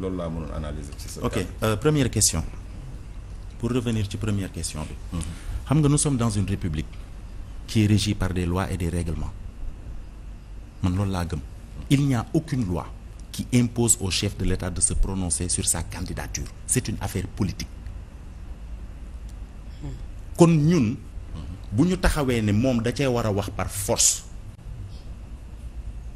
loolu laa mënoon analyser ci sa. ok euh, première question pour revenir ci première question bi. Mm-hmm. xam nga nous sommes dans une république qui est par des lois et des règlements man loolu laa gëm. il n'y a aucune loi qui impose au chef de l'État de se prononcer sur sa candidature c'est une affaire politique mm-hmm. kon ñun bu ñu taxawee ne moom da cee war a wax par force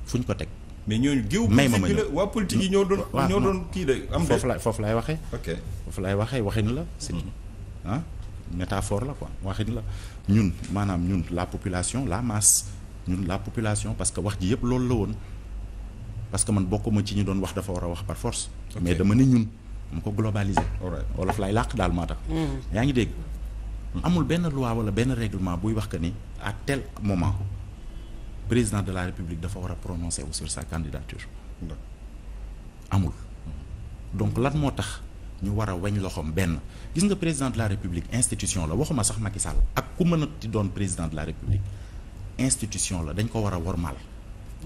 fu ñu ko teg. mais ñoo ñooñu géew may ma ma ñëw waa politique yi ñoo doon ñoo doon kii de foofu la foofu laay waxee ok foofu laay waxee waxin la c'est mhm. ah métaphore la quoi waxin la ñun maanaam ñun la population la masse ñun la population parce que wax ji yëpp loolu la woon parce que man bokkuma ci ñu doon wax dafa war a wax par force mais dama ne ñun dama ko globaliser wolof laay làq daal maa tax mhm. yaa ngi dégg mhm. amul benn loi wala benn règlement buy wax que ni à tel moment président de la république dafa war a prononcer wu sur sa candidature. amul donc lan moo tax ñu war a weñ loxoom benn gis nga président de la république institution la waxuma sax Macky Sall ak ku mën a di doon président de la république institution la dañ ko war a wormaal.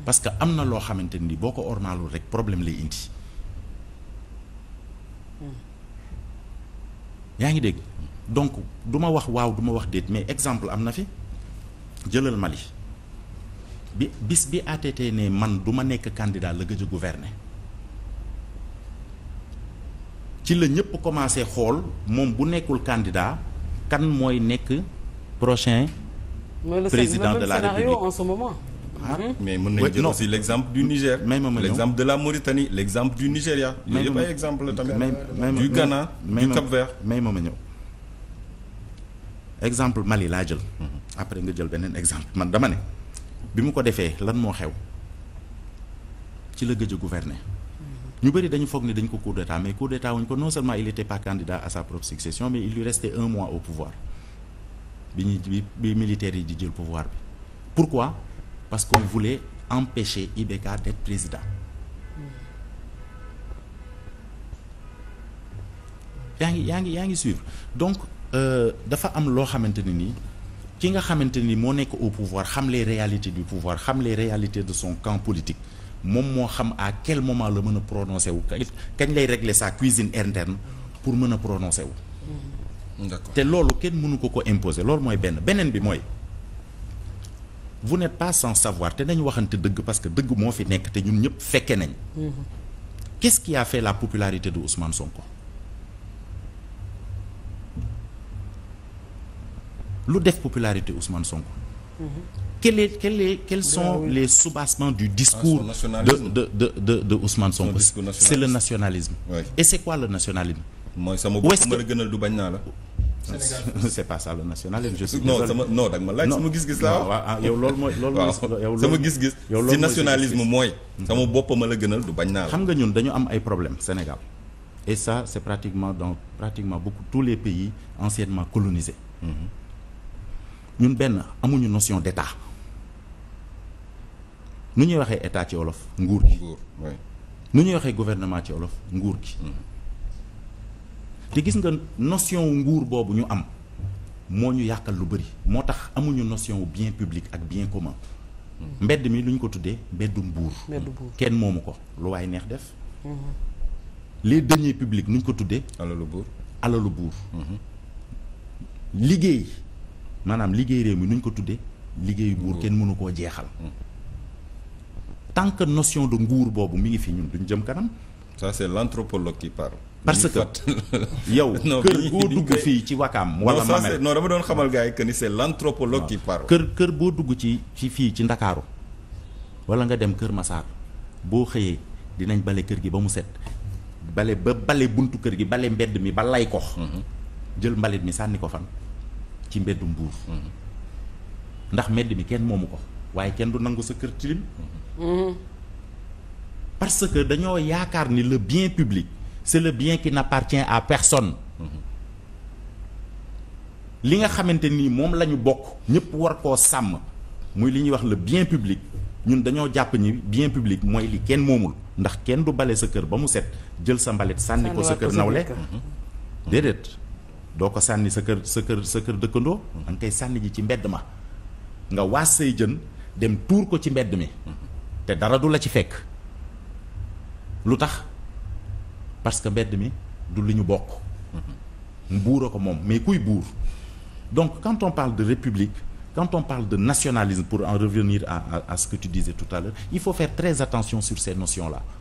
parce que am na loo xamante ni boo ko ormaalul rek problème lay indi. Hmm. yaa ngi dégg donc du ma wax waaw du ma wax déet mais exemple am na fi jëlal ma Mali. bi bis bi ATT ne man du ma nekk candidat la gëj a gouverner ci la ñëpp commencé xool moom bu nekkul candidat kan mooy nekk prochain président de la République en ce moment. Ah, mais mën nañu jël aussi l'exemple du Niger. mais ma la Mauritanie l'exemple du Nigéria. mais yëpp ay exemple la tamit. du Ghana du mais ma ma ñëw exemple Mali laa jël. Mhm. après nga jël beneen exemple man dama ne. bi mu ko defee lan moo xew ci la gëj a ñu bëri dañu foog ne dañ ko coup d'état mais coup d'état wuñ ko non seulement il était pas candidat à sa propre succession mais il lui restait un mois au pouvoir bi ñuy ji militaires yi di jël pouvoir bi pourquoi parce qu'on voulait empêcher IBK d'être président yaa ngi yaa ngi yaa ngi suivre donc euh, dafa am loo xamante ne nii ki nga xamante ni moo nekk au pouvoir xam lee réalité du pouvoir xam lee réalité de son camp politique moom moo xam à quel moment la mën a prononcé wu kañ lay régler sa cuisine interne pour mën a prononcé wu. Mm-hmm. d'accord te loolu kenn mënu ko ko imposer loolu mooy benn beneen bi mooy vous n'êtes pas sans savoir te nañ waxante dëgg parce que dëgg moo fi nekk te ñun ñëpp fekke nañ. Mm-hmm. qu'est-ce qui a fait la popularité de Ousmane Sonko. lu def popularité Ousmane Sonko. quel est quel est sont les sous-bassements du discours ah, de de de de de Ousmane Sonko c'est le nationalisme et c'est quoi le nationalisme mooy sama bopp ma la gënal du bañ naa la c'est pas le nationalisme je suis non sama non ma laaj sama gis-gis laa waaw gis-gis ci nationalisme mooy sama bopp ma gënal bañ naa xam nga ñun dañu am ay problèmes Sénégal et ça c'est pratiquement dans pratiquement beaucoup tous les pays anciennement colonisés mhm. ñun benn amuñu notion d' état nu ñuy waxee état ci olof nguur gi nu ñuy waxee gouvernement ci olof nguur gi mm-hmm. te gis nga notion nguur boobu ñu am moo ñu yàqal lu bëri moo tax amuñu notion bien publique ak bien commun mm-hmm. mbedd mi lu ñu ko tuddee mbeddum buur kenn moomu ko lu waaye neex def mm-hmm. les deniers publique nu ñu ko tuddee alalu buur alalu buur liggéey maanaam liggéey réew mi nu ñu ko tuddee liggéeyu buur kenn mënu koo jeexal mm. tant que notion de nguur boobu mi ngi fi ñun duñ jëm kanam ça c'est l'anthropologue qui parle parce que yow kër boo dugg fii ci wakaam wala mamel doon xamal gars yi ni c'est l'anthropologue qui parle kër boo dugg ci ci fii ci ndakaaru wala nga dem kër Massar boo xëyee dinañ bale kër gi ba mu set bale ba bale buntu kër gi bale mbedd mi ba lay ko mm-hmm. jël mbalit mi sànni ko fan ci mbeddu mbuur mm-hmm. ndax mbedd mi kenn moomu ko waaye kenn du nangu sa kër tilim mm-hmm. parce que dañoo yaakaar ni le bien public c'est le bien qui n'appartient à personne mm-hmm. li nga xamante ni moom lañu bokk ñëpp war koo sàmm muy li ñuy wax le bien public ñun dañoo jàpp ni bien public mooy li kenn moomul ndax kenn du bale sa kër ba mu set jël sa mbalit sànni ko sa kër nawle déedéet doo ko sànni sa kër sa kër sa kër dëkkandoo da koy sànni ji ci mbedd ma nga waas say jën dem tuur ko ci mbedd mi te dara du la ci fekk lu tax parce que mbedd mi du lu ñu bokk buur a ko moom mais kuy buur donc quand on parle de république quand parle de nationalisme pour en revenir à, à, à ce que tu disais tout à l'heure il faut faire très attention sur ces notions-là